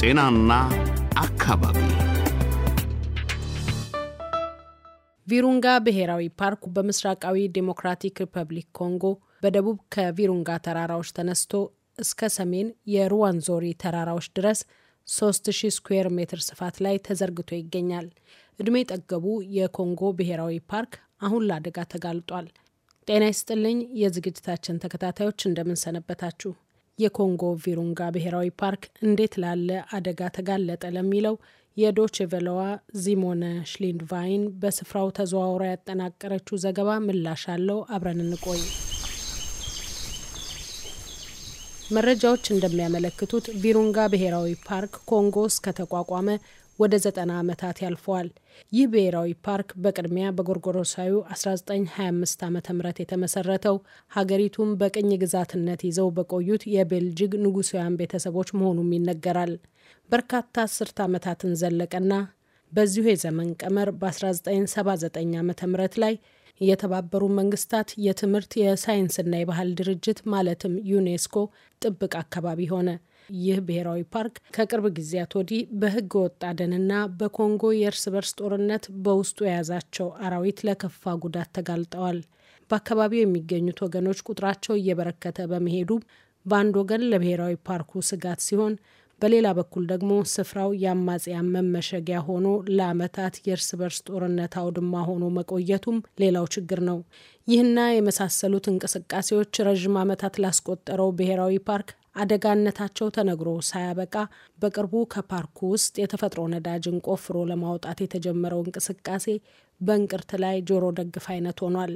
ጤናና አካባቢ ቪሩንጋ ብሔራዊ ፓርክ በምስራቃዊ ዴሞክራቲክ ሪፐብሊክ ኮንጎ በደቡብ ከቪሩንጋ ተራራዎች ተነስቶ እስከ ሰሜን የሩዋንዞሪ ተራራዎች ድረስ 3000 ስኩዌር ሜትር ስፋት ላይ ተዘርግቶ ይገኛል። እድሜ ጠገቡ የኮንጎ ብሔራዊ ፓርክ አሁን ለአደጋ ተጋልጧል። ጤና ይስጥልኝ የዝግጅታችን ተከታታዮች እንደምንሰነበታችሁ። የኮንጎ ቪሩንጋ ብሔራዊ ፓርክ እንዴት ላለ አደጋ ተጋለጠ ለሚለው የዶቼ ዚሞነ ሽሊንድቫይን በስፍራው ተዘዋውራ ያጠናቀረችው ዘገባ ምላሽ አለው። አብረን እንቆይ። መረጃዎች እንደሚያመለክቱት ቪሩንጋ ብሔራዊ ፓርክ ኮንጎ እስከተቋቋመ ወደ 90 ዓመታት ያልፈዋል። ይህ ብሔራዊ ፓርክ በቅድሚያ በጎርጎሮሳዩ 1925 ዓ ም የተመሰረተው ሀገሪቱን በቅኝ ግዛትነት ይዘው በቆዩት የቤልጅግ ንጉሳውያን ቤተሰቦች መሆኑም ይነገራል። በርካታ አስርት ዓመታትን ዘለቀና በዚሁ የዘመን ቀመር በ1979 ዓ ም ላይ የተባበሩ መንግስታት የትምህርት የሳይንስና የባህል ድርጅት ማለትም ዩኔስኮ ጥብቅ አካባቢ ሆነ። ይህ ብሔራዊ ፓርክ ከቅርብ ጊዜያት ወዲህ በህገ ወጥ አደንና በኮንጎ የእርስ በርስ ጦርነት በውስጡ የያዛቸው አራዊት ለከፋ ጉዳት ተጋልጠዋል። በአካባቢው የሚገኙት ወገኖች ቁጥራቸው እየበረከተ በመሄዱ በአንድ ወገን ለብሔራዊ ፓርኩ ስጋት ሲሆን፣ በሌላ በኩል ደግሞ ስፍራው የአማጽያን መመሸጊያ ሆኖ ለዓመታት የእርስ በርስ ጦርነት አውድማ ሆኖ መቆየቱም ሌላው ችግር ነው። ይህና የመሳሰሉት እንቅስቃሴዎች ረዥም ዓመታት ላስቆጠረው ብሔራዊ ፓርክ አደጋነታቸው ተነግሮ ሳያበቃ በቅርቡ ከፓርኩ ውስጥ የተፈጥሮ ነዳጅን ቆፍሮ ለማውጣት የተጀመረው እንቅስቃሴ በእንቅርት ላይ ጆሮ ደግፍ አይነት ሆኗል።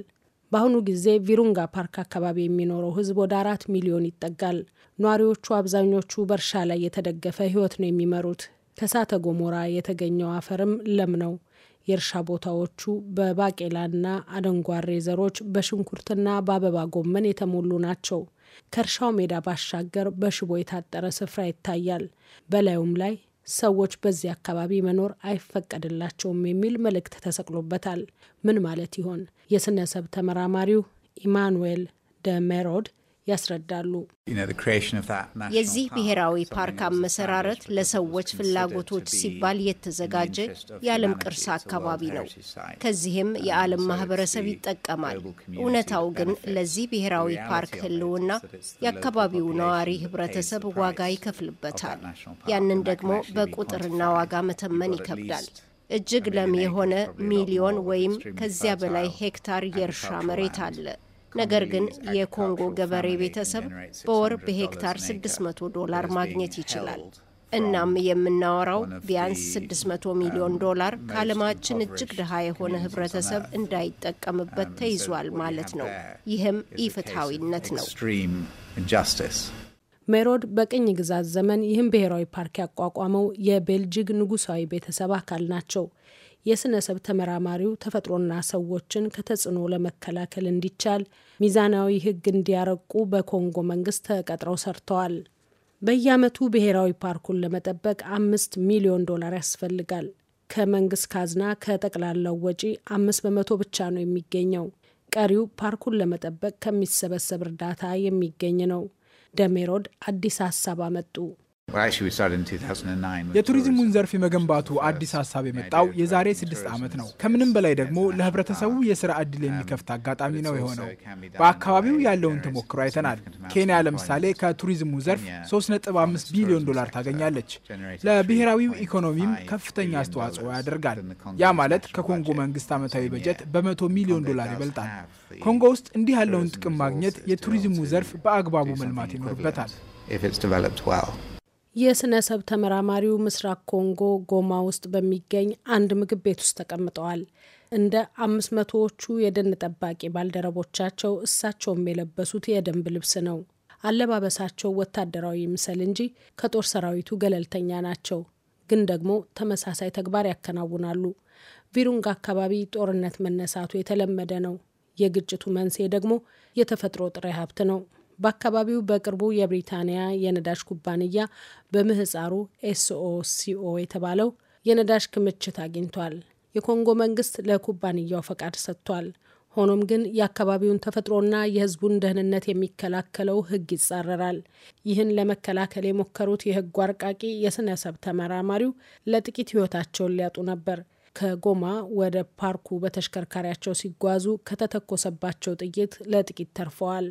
በአሁኑ ጊዜ ቪሩንጋ ፓርክ አካባቢ የሚኖረው ሕዝብ ወደ አራት ሚሊዮን ይጠጋል። ነዋሪዎቹ አብዛኞቹ በእርሻ ላይ የተደገፈ ሕይወት ነው የሚመሩት። ከእሳተ ገሞራ የተገኘው አፈርም ለም ነው። የእርሻ ቦታዎቹ በባቄላና አደንጓሬ ዘሮች በሽንኩርትና በአበባ ጎመን የተሞሉ ናቸው። ከእርሻው ሜዳ ባሻገር በሽቦ የታጠረ ስፍራ ይታያል። በላዩም ላይ ሰዎች በዚህ አካባቢ መኖር አይፈቀድላቸውም የሚል መልእክት ተሰቅሎበታል። ምን ማለት ይሆን? የስነሰብ ተመራማሪው ኢማኑኤል ደ ሜሮድ ያስረዳሉ። የዚህ ብሔራዊ ፓርክ አመሰራረት ለሰዎች ፍላጎቶች ሲባል የተዘጋጀ የዓለም ቅርስ አካባቢ ነው። ከዚህም የዓለም ማህበረሰብ ይጠቀማል። እውነታው ግን ለዚህ ብሔራዊ ፓርክ ሕልውና የአካባቢው ነዋሪ ህብረተሰብ ዋጋ ይከፍልበታል። ያንን ደግሞ በቁጥርና ዋጋ መተመን ይከብዳል። እጅግ ለም የሆነ ሚሊዮን ወይም ከዚያ በላይ ሄክታር የእርሻ መሬት አለ። ነገር ግን የኮንጎ ገበሬ ቤተሰብ በወር በሄክታር 600 ዶላር ማግኘት ይችላል። እናም የምናወራው ቢያንስ 600 ሚሊዮን ዶላር ከዓለማችን እጅግ ድሃ የሆነ ህብረተሰብ እንዳይጠቀምበት ተይዟል ማለት ነው። ይህም ኢፍትሐዊነት ነው። ሜሮድ በቅኝ ግዛት ዘመን ይህም ብሔራዊ ፓርክ ያቋቋመው የቤልጅግ ንጉሳዊ ቤተሰብ አካል ናቸው። የስነ ሰብ ተመራማሪው ተፈጥሮና ሰዎችን ከተጽዕኖ ለመከላከል እንዲቻል ሚዛናዊ ሕግ እንዲያረቁ በኮንጎ መንግስት ተቀጥረው ሰርተዋል። በየዓመቱ ብሔራዊ ፓርኩን ለመጠበቅ አምስት ሚሊዮን ዶላር ያስፈልጋል። ከመንግስት ካዝና ከጠቅላላው ወጪ አምስት በመቶ ብቻ ነው የሚገኘው። ቀሪው ፓርኩን ለመጠበቅ ከሚሰበሰብ እርዳታ የሚገኝ ነው። ደሜሮድ አዲስ ሀሳብ አመጡ። የቱሪዝሙን ዘርፍ የመገንባቱ አዲስ ሀሳብ የመጣው የዛሬ ስድስት ዓመት ነው። ከምንም በላይ ደግሞ ለህብረተሰቡ የስራ እድል um, የሚከፍት አጋጣሚ ነው የሆነው። በአካባቢው ያለውን ተሞክሮ አይተናል። ኬንያ ለምሳሌ ከቱሪዝሙ ዘርፍ 3.5 ቢሊዮን ዶላር ታገኛለች። ለብሔራዊው ኢኮኖሚም ከፍተኛ አስተዋጽኦ ያደርጋል። ያ ማለት ከኮንጎ መንግስት ዓመታዊ በጀት በመቶ ሚሊዮን ዶላር ይበልጣል። ኮንጎ ውስጥ እንዲህ ያለውን ጥቅም ማግኘት የቱሪዝሙ ዘርፍ በአግባቡ መልማት ይኖርበታል። የስነ ሰብ ተመራማሪው ምስራቅ ኮንጎ ጎማ ውስጥ በሚገኝ አንድ ምግብ ቤት ውስጥ ተቀምጠዋል። እንደ አምስት መቶዎቹ የደን ጠባቂ ባልደረቦቻቸው እሳቸውም የለበሱት የደንብ ልብስ ነው። አለባበሳቸው ወታደራዊ ምሰል እንጂ ከጦር ሰራዊቱ ገለልተኛ ናቸው። ግን ደግሞ ተመሳሳይ ተግባር ያከናውናሉ። ቪሩንጋ አካባቢ ጦርነት መነሳቱ የተለመደ ነው። የግጭቱ መንስኤ ደግሞ የተፈጥሮ ጥሬ ሀብት ነው። በአካባቢው በቅርቡ የብሪታንያ የነዳጅ ኩባንያ በምህፃሩ ኤስኦሲኦ የተባለው የነዳጅ ክምችት አግኝቷል። የኮንጎ መንግስት ለኩባንያው ፈቃድ ሰጥቷል። ሆኖም ግን የአካባቢውን ተፈጥሮና የሕዝቡን ደህንነት የሚከላከለው ሕግ ይጻረራል። ይህን ለመከላከል የሞከሩት የሕጉ አርቃቂ ሰብ ተመራማሪው ለጥቂት ሕይወታቸውን ሊያጡ ነበር። ከጎማ ወደ ፓርኩ በተሽከርካሪያቸው ሲጓዙ ከተተኮሰባቸው ጥይት ለጥቂት ተርፈዋል።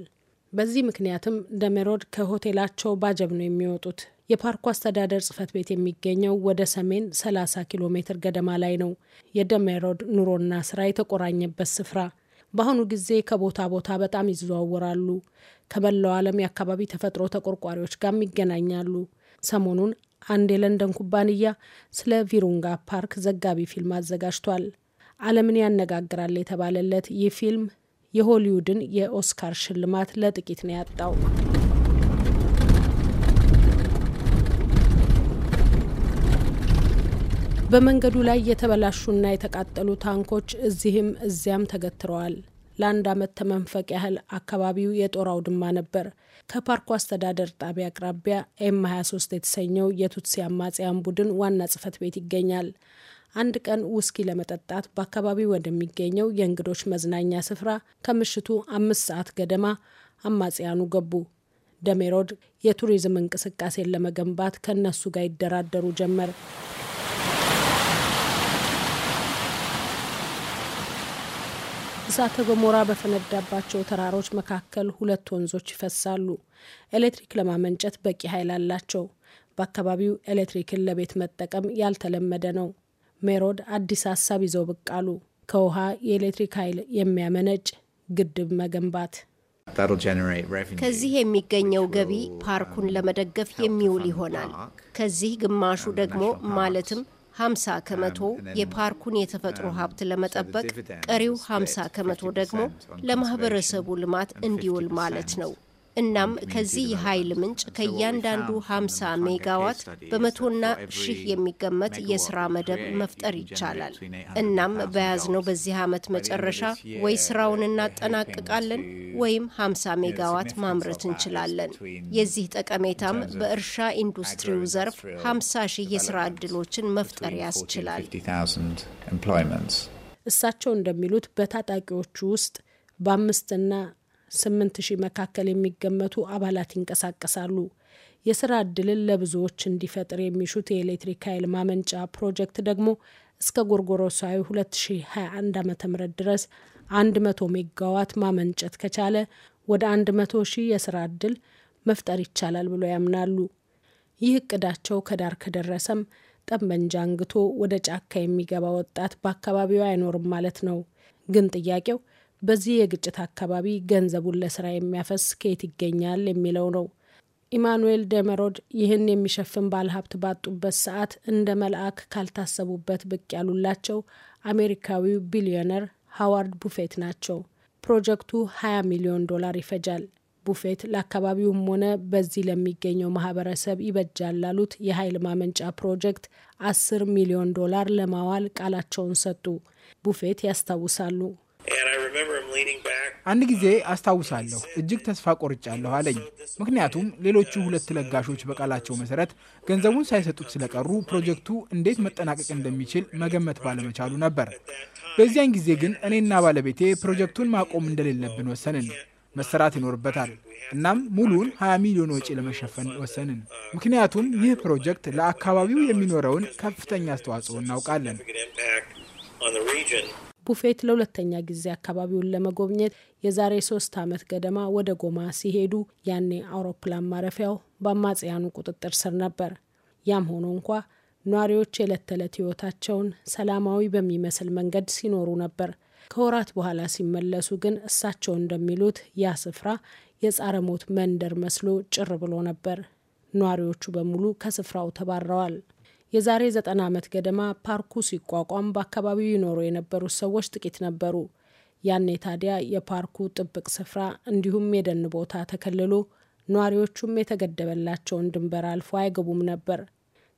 በዚህ ምክንያትም ደሜሮድ ከሆቴላቸው ባጀብ ነው የሚወጡት። የፓርኩ አስተዳደር ጽፈት ቤት የሚገኘው ወደ ሰሜን 30 ኪሎ ሜትር ገደማ ላይ ነው። የደሜሮድ ኑሮና ስራ የተቆራኘበት ስፍራ በአሁኑ ጊዜ ከቦታ ቦታ በጣም ይዘዋወራሉ። ከመላው ዓለም የአካባቢ ተፈጥሮ ተቆርቋሪዎች ጋርም ይገናኛሉ። ሰሞኑን አንድ የለንደን ኩባንያ ስለ ቪሩንጋ ፓርክ ዘጋቢ ፊልም አዘጋጅቷል። ዓለምን ያነጋግራል የተባለለት ይህ ፊልም የሆሊውድን የኦስካር ሽልማት ለጥቂት ነው ያጣው። በመንገዱ ላይ የተበላሹና የተቃጠሉ ታንኮች እዚህም እዚያም ተገትረዋል። ለአንድ ዓመት ተመንፈቅ ያህል አካባቢው የጦር አውድማ ነበር። ከፓርኩ አስተዳደር ጣቢያ አቅራቢያ ኤም 23 የተሰኘው የቱትሲ አማጽያን ቡድን ዋና ጽህፈት ቤት ይገኛል። አንድ ቀን ውስኪ ለመጠጣት በአካባቢው ወደሚገኘው የእንግዶች መዝናኛ ስፍራ ከምሽቱ አምስት ሰዓት ገደማ አማጽያኑ ገቡ። ደሜሮድ የቱሪዝም እንቅስቃሴን ለመገንባት ከእነሱ ጋር ይደራደሩ ጀመር። እሳተ ገሞራ በፈነዳባቸው ተራሮች መካከል ሁለት ወንዞች ይፈሳሉ። ኤሌክትሪክ ለማመንጨት በቂ ኃይል አላቸው። በአካባቢው ኤሌክትሪክን ለቤት መጠቀም ያልተለመደ ነው። ሜሮድ አዲስ ሀሳብ ይዘው ብቅ አሉ። ከውሃ የኤሌክትሪክ ኃይል የሚያመነጭ ግድብ መገንባት። ከዚህ የሚገኘው ገቢ ፓርኩን ለመደገፍ የሚውል ይሆናል። ከዚህ ግማሹ ደግሞ ማለትም 50 ከመቶ የፓርኩን የተፈጥሮ um, ሀብት ለመጠበቅ፣ ቀሪው 50 ከመቶ ደግሞ ለማህበረሰቡ ልማት እንዲውል ማለት ነው። እናም ከዚህ የኃይል ምንጭ ከእያንዳንዱ 50 ሜጋዋት በመቶና ሺህ የሚገመት የስራ መደብ መፍጠር ይቻላል። እናም በያዝነው በዚህ ዓመት መጨረሻ ወይ ስራውን እናጠናቅቃለን ወይም 50 ሜጋዋት ማምረት እንችላለን። የዚህ ጠቀሜታም በእርሻ ኢንዱስትሪው ዘርፍ 50 ሺህ የስራ ዕድሎችን መፍጠር ያስችላል። እሳቸው እንደሚሉት በታጣቂዎቹ ውስጥ በአምስትና ስምንት ሺህ መካከል የሚገመቱ አባላት ይንቀሳቀሳሉ። የስራ እድልን ለብዙዎች እንዲፈጥር የሚሹት የኤሌክትሪክ ኃይል ማመንጫ ፕሮጀክት ደግሞ እስከ ጎርጎሮሳዊ 2021 ዓ ም ድረስ 100 ሜጋዋት ማመንጨት ከቻለ ወደ 100 ሺህ የስራ እድል መፍጠር ይቻላል ብሎ ያምናሉ። ይህ እቅዳቸው ከዳር ከደረሰም ጠመንጃ አንግቶ ወደ ጫካ የሚገባ ወጣት በአካባቢው አይኖርም ማለት ነው። ግን ጥያቄው በዚህ የግጭት አካባቢ ገንዘቡን ለስራ የሚያፈስ ከየት ይገኛል የሚለው ነው። ኢማኑኤል ደመሮድ ይህን የሚሸፍን ባለሀብት ባጡበት ሰዓት እንደ መልአክ ካልታሰቡበት ብቅ ያሉላቸው አሜሪካዊው ቢሊዮነር ሃዋርድ ቡፌት ናቸው። ፕሮጀክቱ 20 ሚሊዮን ዶላር ይፈጃል። ቡፌት ለአካባቢውም ሆነ በዚህ ለሚገኘው ማህበረሰብ ይበጃል ላሉት የኃይል ማመንጫ ፕሮጀክት 10 ሚሊዮን ዶላር ለማዋል ቃላቸውን ሰጡ። ቡፌት ያስታውሳሉ። አንድ ጊዜ አስታውሳለሁ እጅግ ተስፋ ቆርጫለሁ አለኝ። ምክንያቱም ሌሎቹ ሁለት ለጋሾች በቃላቸው መሰረት ገንዘቡን ሳይሰጡት ስለቀሩ ፕሮጀክቱ እንዴት መጠናቀቅ እንደሚችል መገመት ባለመቻሉ ነበር። በዚያን ጊዜ ግን እኔና ባለቤቴ ፕሮጀክቱን ማቆም እንደሌለብን ወሰንን። መሰራት ይኖርበታል። እናም ሙሉውን 20 ሚሊዮን ወጪ ለመሸፈን ወሰንን። ምክንያቱም ይህ ፕሮጀክት ለአካባቢው የሚኖረውን ከፍተኛ አስተዋጽኦ እናውቃለን። ቡፌት ለሁለተኛ ጊዜ አካባቢውን ለመጎብኘት የዛሬ ሶስት ዓመት ገደማ ወደ ጎማ ሲሄዱ ያኔ አውሮፕላን ማረፊያው በአማጽያኑ ቁጥጥር ስር ነበር። ያም ሆኖ እንኳ ነዋሪዎች የዕለት ተዕለት ሕይወታቸውን ሰላማዊ በሚመስል መንገድ ሲኖሩ ነበር። ከወራት በኋላ ሲመለሱ ግን እሳቸው እንደሚሉት ያ ስፍራ የጻረ ሞት መንደር መስሎ ጭር ብሎ ነበር። ነዋሪዎቹ በሙሉ ከስፍራው ተባረዋል። የዛሬ ዘጠና ዓመት ገደማ ፓርኩ ሲቋቋም በአካባቢው ይኖሩ የነበሩ ሰዎች ጥቂት ነበሩ። ያኔ ታዲያ የፓርኩ ጥብቅ ስፍራ እንዲሁም የደን ቦታ ተከልሎ ነዋሪዎቹም የተገደበላቸውን ድንበር አልፎ አይገቡም ነበር።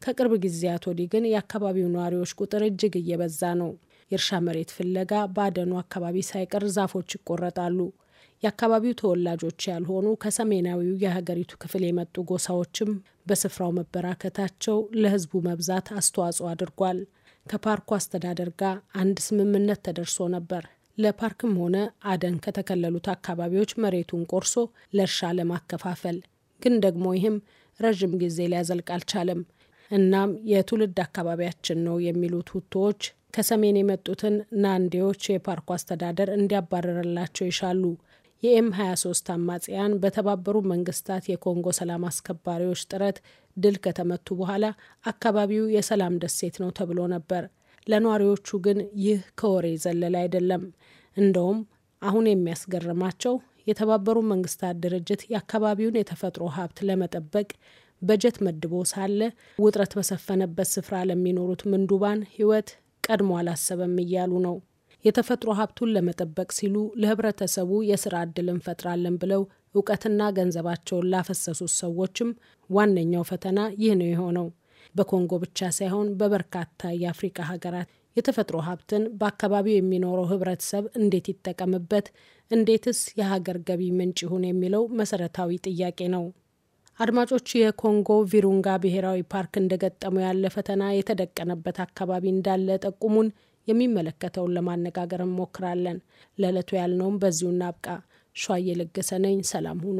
ከቅርብ ጊዜያት ወዲህ ግን የአካባቢው ነዋሪዎች ቁጥር እጅግ እየበዛ ነው። የእርሻ መሬት ፍለጋ በአደኑ አካባቢ ሳይቀር ዛፎች ይቆረጣሉ። የአካባቢው ተወላጆች ያልሆኑ ከሰሜናዊው የሀገሪቱ ክፍል የመጡ ጎሳዎችም በስፍራው መበራከታቸው ለህዝቡ መብዛት አስተዋጽኦ አድርጓል። ከፓርኩ አስተዳደር ጋር አንድ ስምምነት ተደርሶ ነበር። ለፓርክም ሆነ አደን ከተከለሉት አካባቢዎች መሬቱን ቆርሶ ለእርሻ ለማከፋፈል ግን ደግሞ ይህም ረዥም ጊዜ ሊያዘልቅ አልቻለም። እናም የትውልድ አካባቢያችን ነው የሚሉት ሁቶዎች ከሰሜን የመጡትን ናንዴዎች የፓርኩ አስተዳደር እንዲያባረርላቸው ይሻሉ። የኤም 23 አማጽያን በተባበሩ መንግስታት የኮንጎ ሰላም አስከባሪዎች ጥረት ድል ከተመቱ በኋላ አካባቢው የሰላም ደሴት ነው ተብሎ ነበር። ለነዋሪዎቹ ግን ይህ ከወሬ ዘለል አይደለም። እንደውም አሁን የሚያስገርማቸው የተባበሩ መንግስታት ድርጅት የአካባቢውን የተፈጥሮ ሀብት ለመጠበቅ በጀት መድቦ ሳለ ውጥረት በሰፈነበት ስፍራ ለሚኖሩት ምንዱባን ህይወት ቀድሞ አላሰበም እያሉ ነው። የተፈጥሮ ሀብቱን ለመጠበቅ ሲሉ ለህብረተሰቡ የስራ ዕድል እንፈጥራለን ብለው እውቀትና ገንዘባቸውን ላፈሰሱት ሰዎችም ዋነኛው ፈተና ይህ ነው የሆነው። በኮንጎ ብቻ ሳይሆን በበርካታ የአፍሪካ ሀገራት የተፈጥሮ ሀብትን በአካባቢው የሚኖረው ህብረተሰብ እንዴት ይጠቀምበት፣ እንዴትስ የሀገር ገቢ ምንጭ ይሁን የሚለው መሰረታዊ ጥያቄ ነው። አድማጮች፣ የኮንጎ ቪሩንጋ ብሔራዊ ፓርክ እንደገጠሙ ያለ ፈተና የተደቀነበት አካባቢ እንዳለ ጠቁሙን። የሚመለከተውን ለማነጋገር እንሞክራለን። ለዕለቱ ያልነውም በዚሁ እናብቃ። ሸ ነኝ። ሰላም ሁኑ።